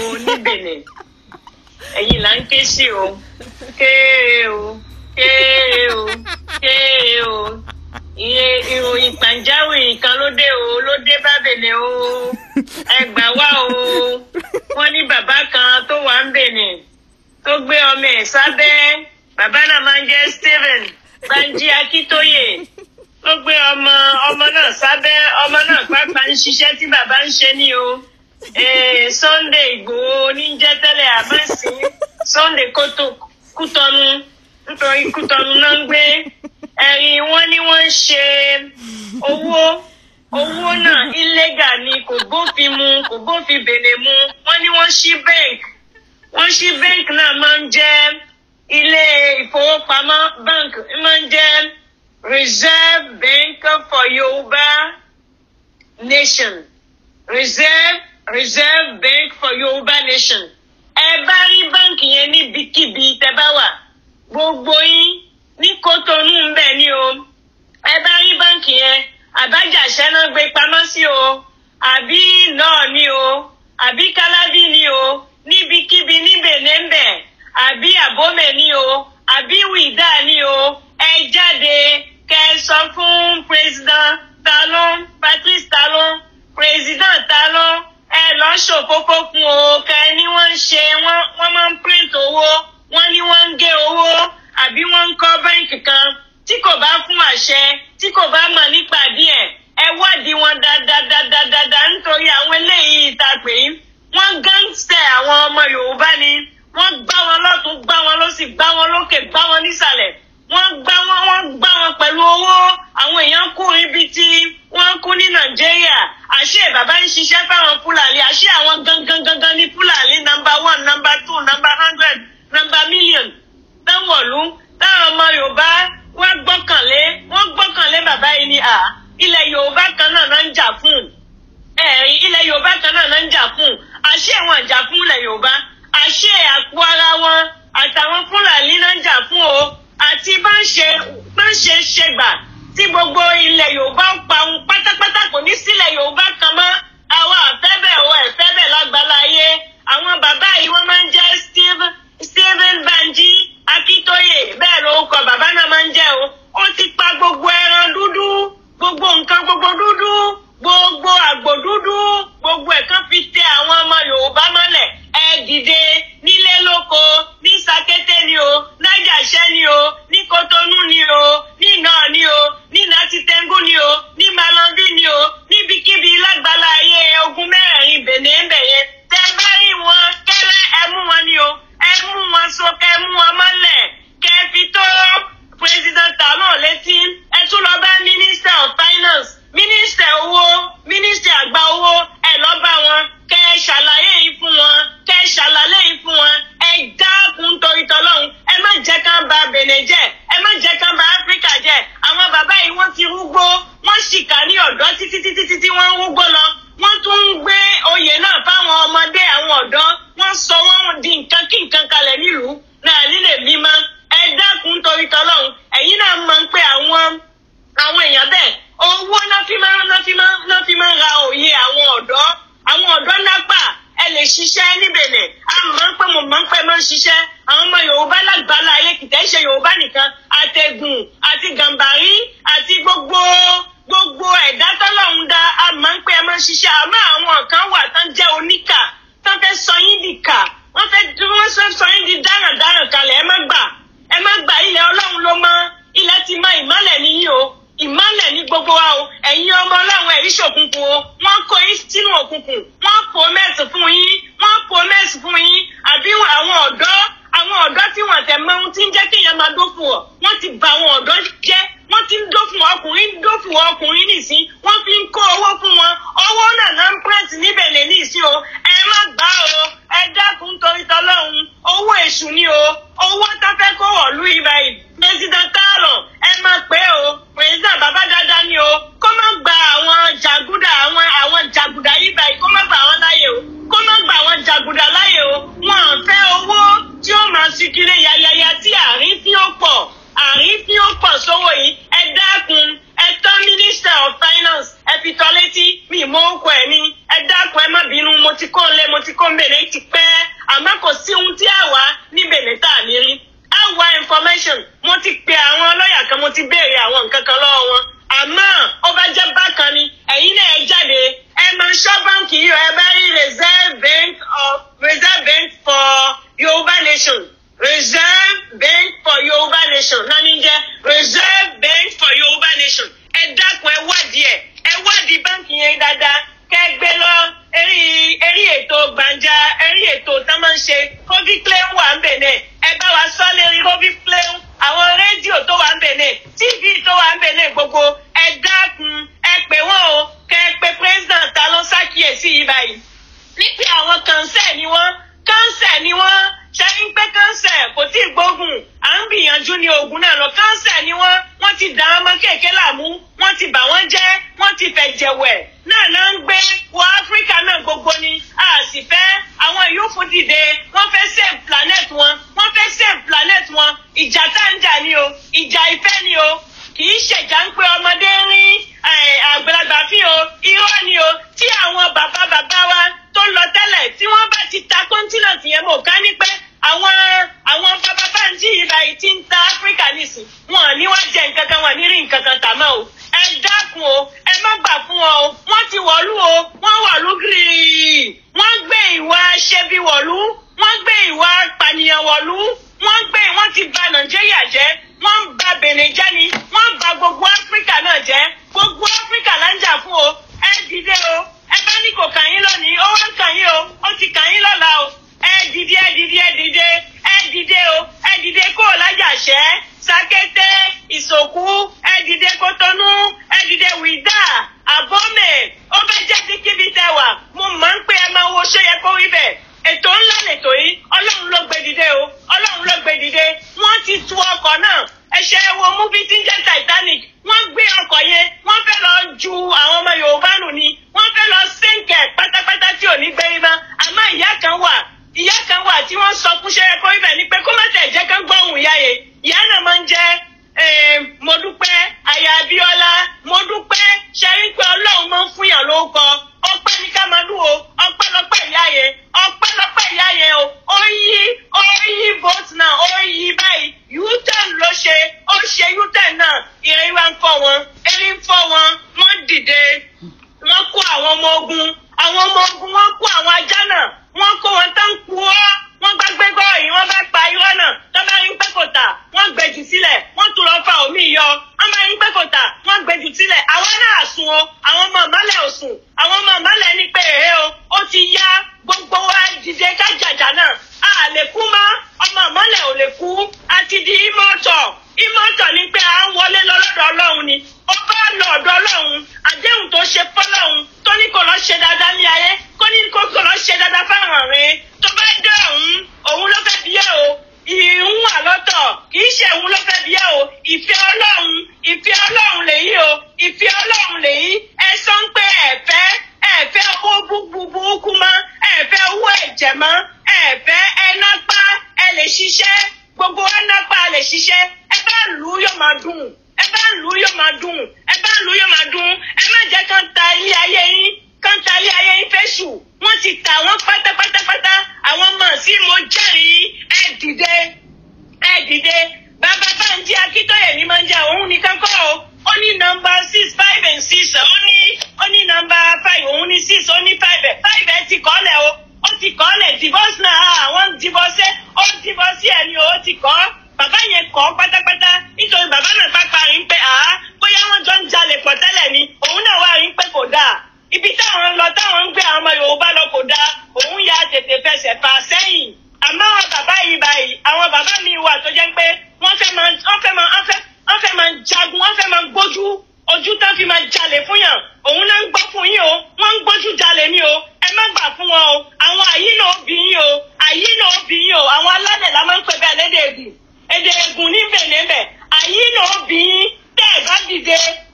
o ní Benin ẹ̀yin là ń ké sí o kéé o kéé o kéé o iye ìròyìn pàjáwìrì kan ló dé o ló dé bá Benin o ẹ gbà wá o wọ́n ní bàbá kan tó wà ń Benin tó gbé ọmọ ẹ̀ sábẹ́ bàbá náà máa ń jẹ́ Stephen Banji Akíntóyè ló gbé ọmọ ọmọ náà sábẹ́ ọmọ náà pàápàá ń ṣiṣẹ́ tí bàbá ń ṣe ní o. Eh, Sunday Ìgbòho oníjẹ tẹ́lẹ̀ àbẹ̀sí Sunday kótó Kútọ̀nù nítorí Kútọ̀nù náà ń gbé ẹ̀yìn wọn ni wọ́n ń ṣe owó owó náà iléga ni kò bófin mu kò bófin bèlè mu wọ́n ní wọ́n ṣí bank wọ́n ṣí bank náà máa ń jẹ́ ilé ìfowópamọ́ bank máa ń jẹ́ Reserve Bank for Yorùbá Nation Reserve reserve bank for yorùbá nation ẹ bá rí báǹkì yẹn níbikíbi tẹ bá wà gbogbo yín ní kótónú ń bẹ ní o ẹ bá rí báǹkì yẹn àbájáṣẹ́ náà gbé pamọ́ sí o àbí náà ní o àbí kálábí ní o níbikíbi. 我们一起饭。tí ì gbógun à ń gbìyànjú ní ogun náà lọ kánsẹ̀ ni wọ́n wọ́n ti dà á mọ́ kéèké làmú wọ́n ti bà wọ́n jẹ́ wọ́n ti fẹ̀jẹ̀wẹ̀ náà náà ń gbé wọ áfíríkà náà gbogbo ni a sì fẹ́ àwọn yòókù dìde wọ́n fẹ́ save planet wọn wọ́n fẹ́ save planet wọn ìjà tá ń jà ni o ìjà ìfẹ́ ni o kì í ṣèjà ń pé ọmọdé ń rí àgbàlagbà fi o irọ́ ni o tí àwọn bàbá bàbá wa tó lọ tẹ́lẹ̀ tí wọ́n bá ti ta kọ́ńtínọ̀tì yẹn mọ̀ ká ní pẹ́ àwọn àwọn bàbá bá ń jí ìlà ìtí ń ta áfíríkà nìsín wọn ò ní wá jẹ nǹkan kan wọn ò ní rí nǹkan kan tà mọ́ o. dìde wọ́n kó àwọn ọmọ ogun àwọn ọmọ ogun wọ́n kó àwọn ajá náà wọ́n kó wọn tán tó ní five five ti kọ́lẹ̀ o ó ti kọ́lẹ̀ divorce náà àwọn ah, divorce ó divorce ẹni o ó ti kọ́ bàbá yẹn kọ́ pátápátá nítorí bàbá náà pápá every day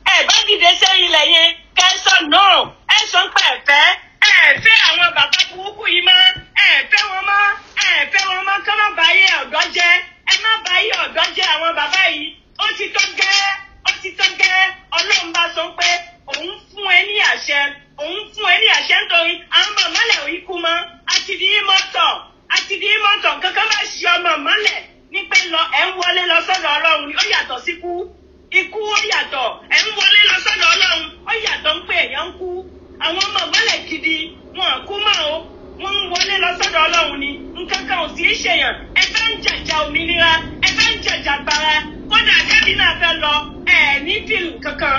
ṣèyàn ẹ fẹ́ ń jàjà òmìnira ẹ fẹ́ ń jàjà gbara kódà kẹ́bí náà fẹ́ lọ ẹ ní fíìlì kankan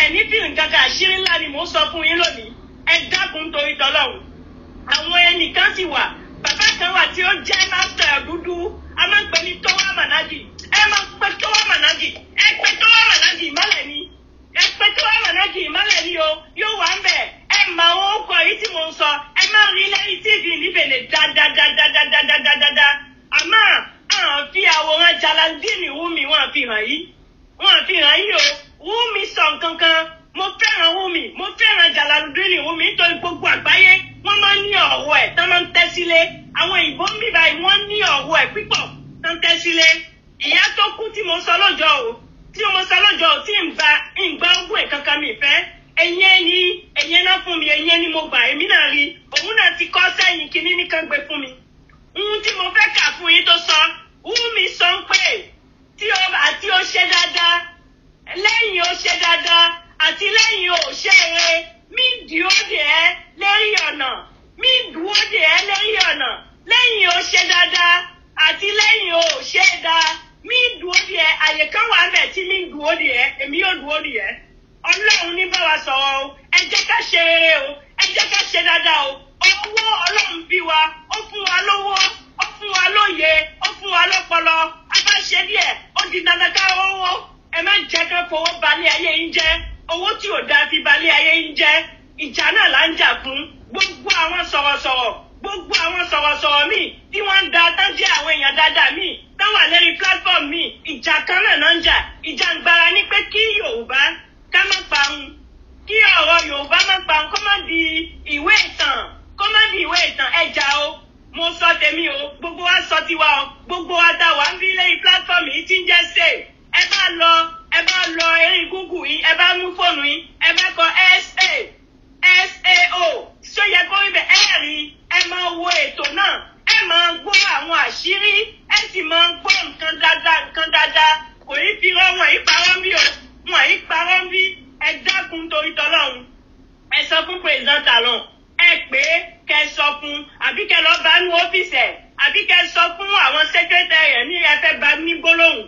ẹ ní fíìlì kankan àṣírí ńlá ni mò ń sọ fún yín lónìí ẹ dákun torí tọlọ́run àwọn ẹnìkan sì wà bàbá kan wà tí ó jẹ́ mástẹ̀ dúdú a máa ń pè ní tọ́wọ́ mànájì ẹ máa ń pè tọ́wọ́ mànájì ẹ pè tọ́wọ́ mànájì ìmọ̀lẹ̀ ni ẹpẹ tó wà wà lójú ìmọ́lẹ̀ yìí o yóò wà ń bẹ̀ ẹ mọ àwọn orúkọ yìí tí mo ń sọ ẹ má rí lẹ́yìn tv níbèlè dáadáadáadáadáadáa àmọ́ àwọn fi àwòrán jalandini Wumi wọn fi hàn yìí wọn fi hàn yìí o Wumi sọ nǹkan kan mo fẹ́ràn Wumi mo fẹ́ràn jalandini Wumi nítorí gbogbo àgbáyé wọ́n máa ń ní ọ̀rọ̀ ẹ̀ tán máa ń tẹ́ sílé àwọn ìbò ń bíbá yìí wọ́n ní ọ̀rọ̀ ẹ̀ pípọ̀ tán tẹ́ sílé ìyá tó kú tí mo sọ lọ́jọ́ o tí mo sọ lọ́jọ́ tí ń gba ń gba owó ẹ̀ kankan mi fẹ́ ẹ̀yìn ẹni ẹ̀yìn ẹ̀ná fún mi ẹ̀yìn ẹni mo gbà èmi náà rí òun náà ti kọ́ sẹ́yìn kínní nìkan gbé fún mi. ohun tí mo fẹ́ kà fún yín tó sọ Wúnmi sọ pé tí ó àti ó ṣe dáadáa lẹ́yìn ó ṣe dáadáa àti lẹ́yìn ó ṣe eré mí dúró dè ẹ́ lórí ọ̀nà mí dúró dè ẹ́ àbí kẹ́ sọ fún àwọn sẹ́kẹ́tẹ̀rì ẹ̀ ní afẹ́bá ní gbólóhùn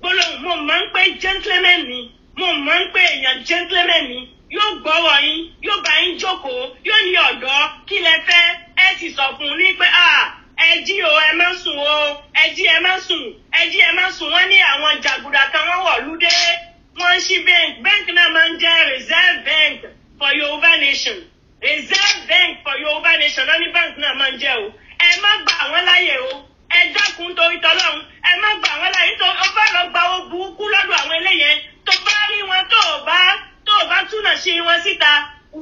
gbólóhùn mo máa ń pè gentleman ni mo máa ń pè èèyàn gentleman ni yóò gbọ́wọ́ yín yóò bá yín jókòó yóò ní ọ̀dọ́ kí lẹ fẹ́ ẹ sì sọ fún un ní pé ẹ jí o ẹ má sùn o ẹ jí ẹ má sùn ẹ jí ẹ má sùn wọ́n ní àwọn jàgùdà kan wọ́n wọ̀ lúdé wọ́n ṣí bank bank náà máa ń jẹ́ reserve bank for Yorùbá nation reserve bank for Yorùbá nation lọ́ní bank náà máa ń jẹ́ o ẹ má gbà wọ́n láyè o ẹ dákun torí tọlọ́run ẹ má gbà wọ́n láyè nítorí ó bá lọ gba owó burúkú lọ́dọ̀ àwọn eléyẹn tó bá rí wọn tó o bá tó o bá túnà ṣe wọn síta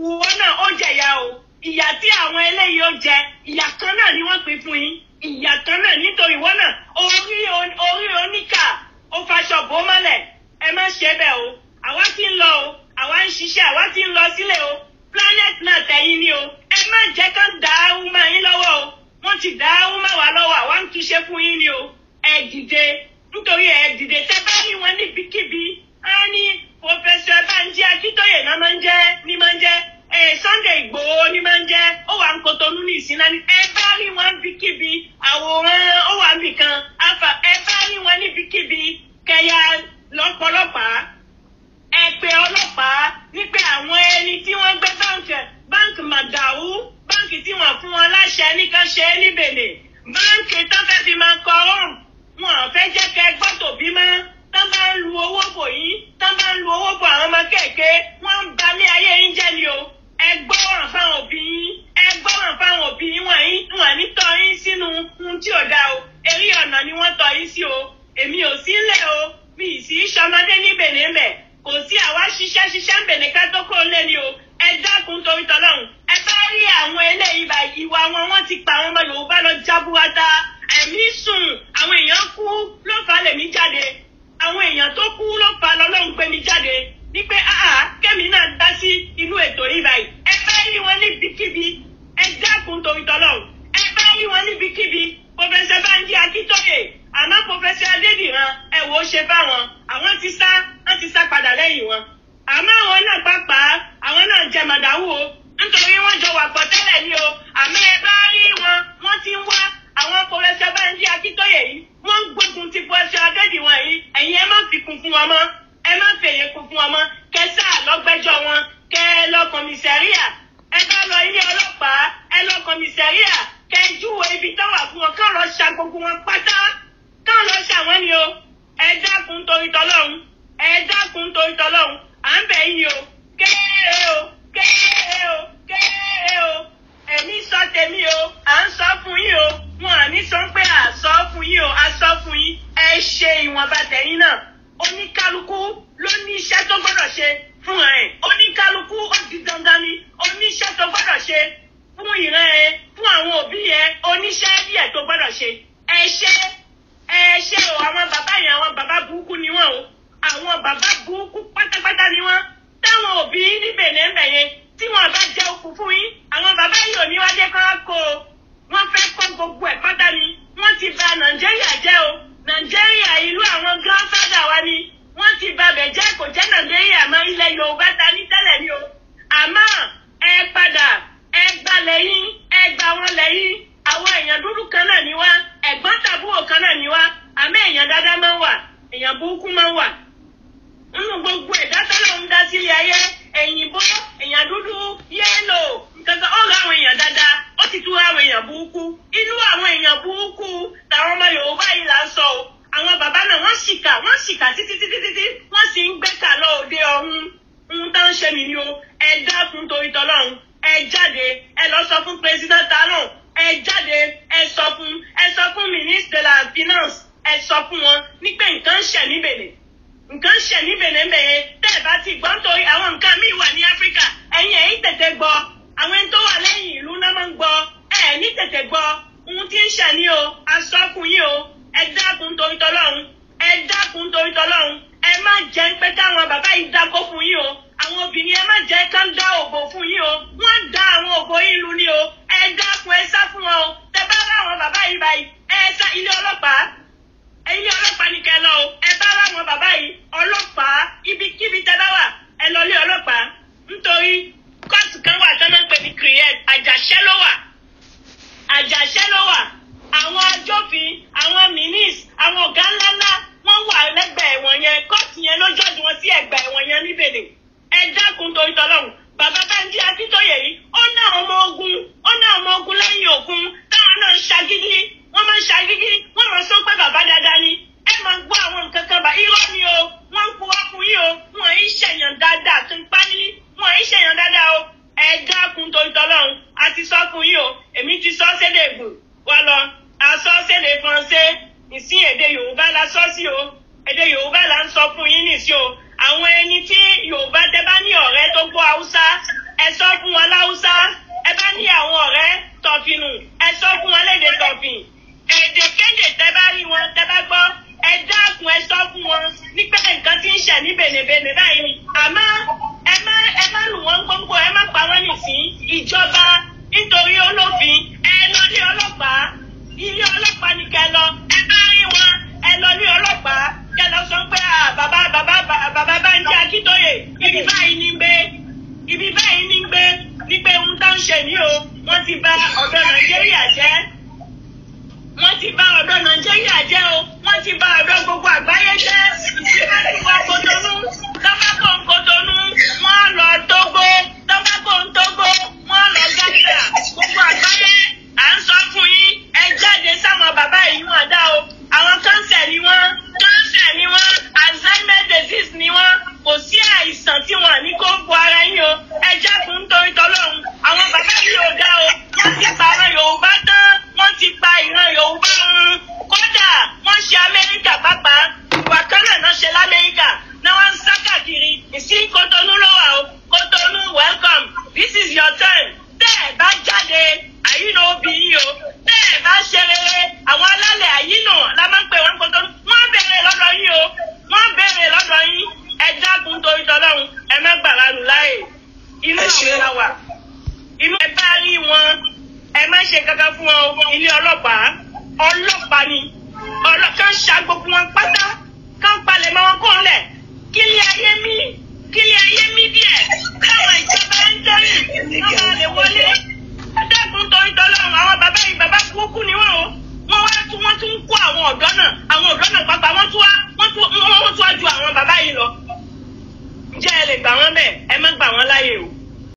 wùwọ́ náà ó jẹ̀yà o ìyà tí àwọn eléyìí ó jẹ ìyà kan náà ni wọ́n pín fún yín ìyà kan náà nítorí wọn náà orí orí oníkà ó faṣọ bò mọ́lẹ̀ ẹ má ṣe bẹ́ẹ̀ o àwa ti ń lọ o àwa ń ṣiṣẹ́ àwa ti ń lọ sílé o planet náà tẹ̀yìn ni o ẹ má jẹ́ kán dá wúmọ́ yín lọ́wọ́ o wọ́n ti dá ọmọ wa lọ́wọ́ àwa ń túṣe fún yín ni o ẹ dìde nítorí ẹ dìde tẹ bá ní wọn níbikíbi á ní pòfẹsọ Bánjí Akíntóyè náà máa ń jẹ ní máa ń jẹ ẹ Sunday Ìgbòho ní máa ń jẹ ó wà ń Kòtónú ní ìsinmi ẹ bá rí wọn níbikíbi àwòrán ó wà níbìkan á torí tọ́lọ́run ẹ bá rí àwọn eléyìí bá ìwà wọn wọ́n ti pa àwọn ọmọ Yorùbá lọ jábúwátá ẹ̀mí sùn àwọn èèyàn kú ló fà lèmi jáde àwọn èèyàn tó kú ló fà lọ́lọ́run gbé mi jáde ní pé áà kẹ́mi náà dá sí inú ètò yìí báyìí ẹ bá rí wọn níbikíbi ẹ dákun torí tọ́lọ́run ẹ bá rí wọn níbikíbi pọfẹsẹ Bánjí Akíntóyè àmọ́ pọfẹsẹ Adédìran ẹ wò ó ṣe báwọn àwọn ti sá wọn ti sá padà lẹ́yìn wọn àmọ́ àwọn náà pàápàá àwọn náà jẹ màdáwù o nítorí wọ́n jọ wà pọ̀ tẹ́lẹ̀ ni o àmọ́ ẹ bá rí wọn wọ́n ti ń wá àwọn pọfẹsọ Bánjí Akíntóyè yìí wọ́n ń gbógun ti pọfẹsọ Adédìwọ̀n fún ìran ẹ fún àwọn òbí ẹ oníṣẹ́ díẹ̀ tó gbọ́dọ̀ ṣe ẹ ṣe o àwọn bàbá yẹn àwọn bàbá burúkú ni wọ́n o àwọn bàbá burúkú pátápátá ni wọ́n táwọn òbí ní bèlè yẹn tí wọ́n bá jẹ́ òkú fún yín àwọn bàbá yìí ò ní wá dé kán kó o wọ́n fẹ́ kó gbogbo ẹ̀ pátá ni wọ́n ti bà nàìjíríà jẹ́ o nàìjíríà ìlú àwọn grandfada wa ni wọ́n ti bà bẹ̀ jẹ́ kò jẹ́ nàìjíríà mọ́ ilẹ̀ yorùbá ta ní tẹ́lẹ̀ ni o àmọ́ ẹ padà ẹgbà lẹ́yìn ẹgbà wọn lẹ́yìn àwọn èèyàn dúdú kan náà ni wá ẹ̀gbọ́n tàbúrò kan náà ni wá àmì èèyàn dáadáa máa ń wà èèyàn burúkú máa wà nínú gbogbo ẹ̀dá tọ́lọ̀ ń dá sílé ayé èèyàn dúdú nǹkan ó rà àwọn èèyàn dáadáa ó ti tún rà àwọn èèyàn o àwọn bàbá náà wọ́n ṣìkà wọ́n ṣìkà títí títí títí wọ́n sì ń òde ń tán ṣe ẹ jáde ẹ lọ sọ fún president talon ẹ jáde ẹ sọ fún ẹ sọ fún minister la finance ẹ sọ fún wọn ní pé nǹkan ń ṣẹ̀ ní bèlè nǹkan ń ṣẹ̀ ní bèlè mẹ́yẹn tẹ́ ẹ bá ti gbọ́ nítorí àwọn nǹkan míì wà ní áfíríkà ẹ̀yin ẹ̀yin tètè gbọ́ àwọn ẹni tó wà lẹ́yìn ìlú náà máa ń gbọ́ ẹ̀ ní tètè gbọ́ ohun tí ń ṣẹ̀ ní o asọ́kùn yín o ẹ dákun torí tọ́lọ́run ẹ dákun torí tọ́lọ́run ẹ má jẹ́ pé káwọn bàbá yìí dákó fún yín o àwọn obìnrin ẹ má jẹ́ kán dá òbò fún yín o wọ́n dá àwọn òbò yín lu ni o ẹ dákun ẹ sá fún wọn o tẹ bá bá àwọn bàbá yìí báyìí ẹ sá ilé ọlọ́pàá ilé ọlọ́pàá ni kẹ́ lọ o ẹ bá bá àwọn bàbá yìí ọlọ́pàá ibikíbi tẹ bá wà ẹ lọ ilé ọlọ́pàá nítorí kóòtù kan wà tán máa ń pè ní create àjàṣẹ́ ló wà àjàṣẹ́ ló wà àwọn ajófin àwọn minis àwọn ọ̀gá ńláńlá wọ́n wà lẹ́gbẹ̀ẹ́ ẹ̀wọ̀n yẹn kóòtù yẹn ló jọ́jú wọn sí soy ṣẹ̀ ní bènèbènè báyìí àmọ́ ẹ má ẹ má lù wọ́n gbogbo ẹ má pa wọ́n nìsín ìjọba nítorí olófin ẹ lọ ní ọlọ́pàá ilé ọlọ́pàá ni kẹ lọ ẹ bá rí wọn ẹ lọ ní ọlọ́pàá kẹ lọ sọ pé bàbá bàbá bàbá Bánjí Akíntóyè ibi báyìí ní gbé ibi báyìí ní gbé ní pé ohun tá ṣe ní o wọ́n ti bà ọ̀dọ́ Nàìjíríà jẹ́ wọ́n ti bá ọ̀dọ́ nàìjíríà jẹ́ o wọ́n ti bá ọ̀dọ́ gbogbo àgbáyé jẹ́ bí wọ́n ti wá kòtònú lọ́bàkàn kòtònú wọ́n á lọ tó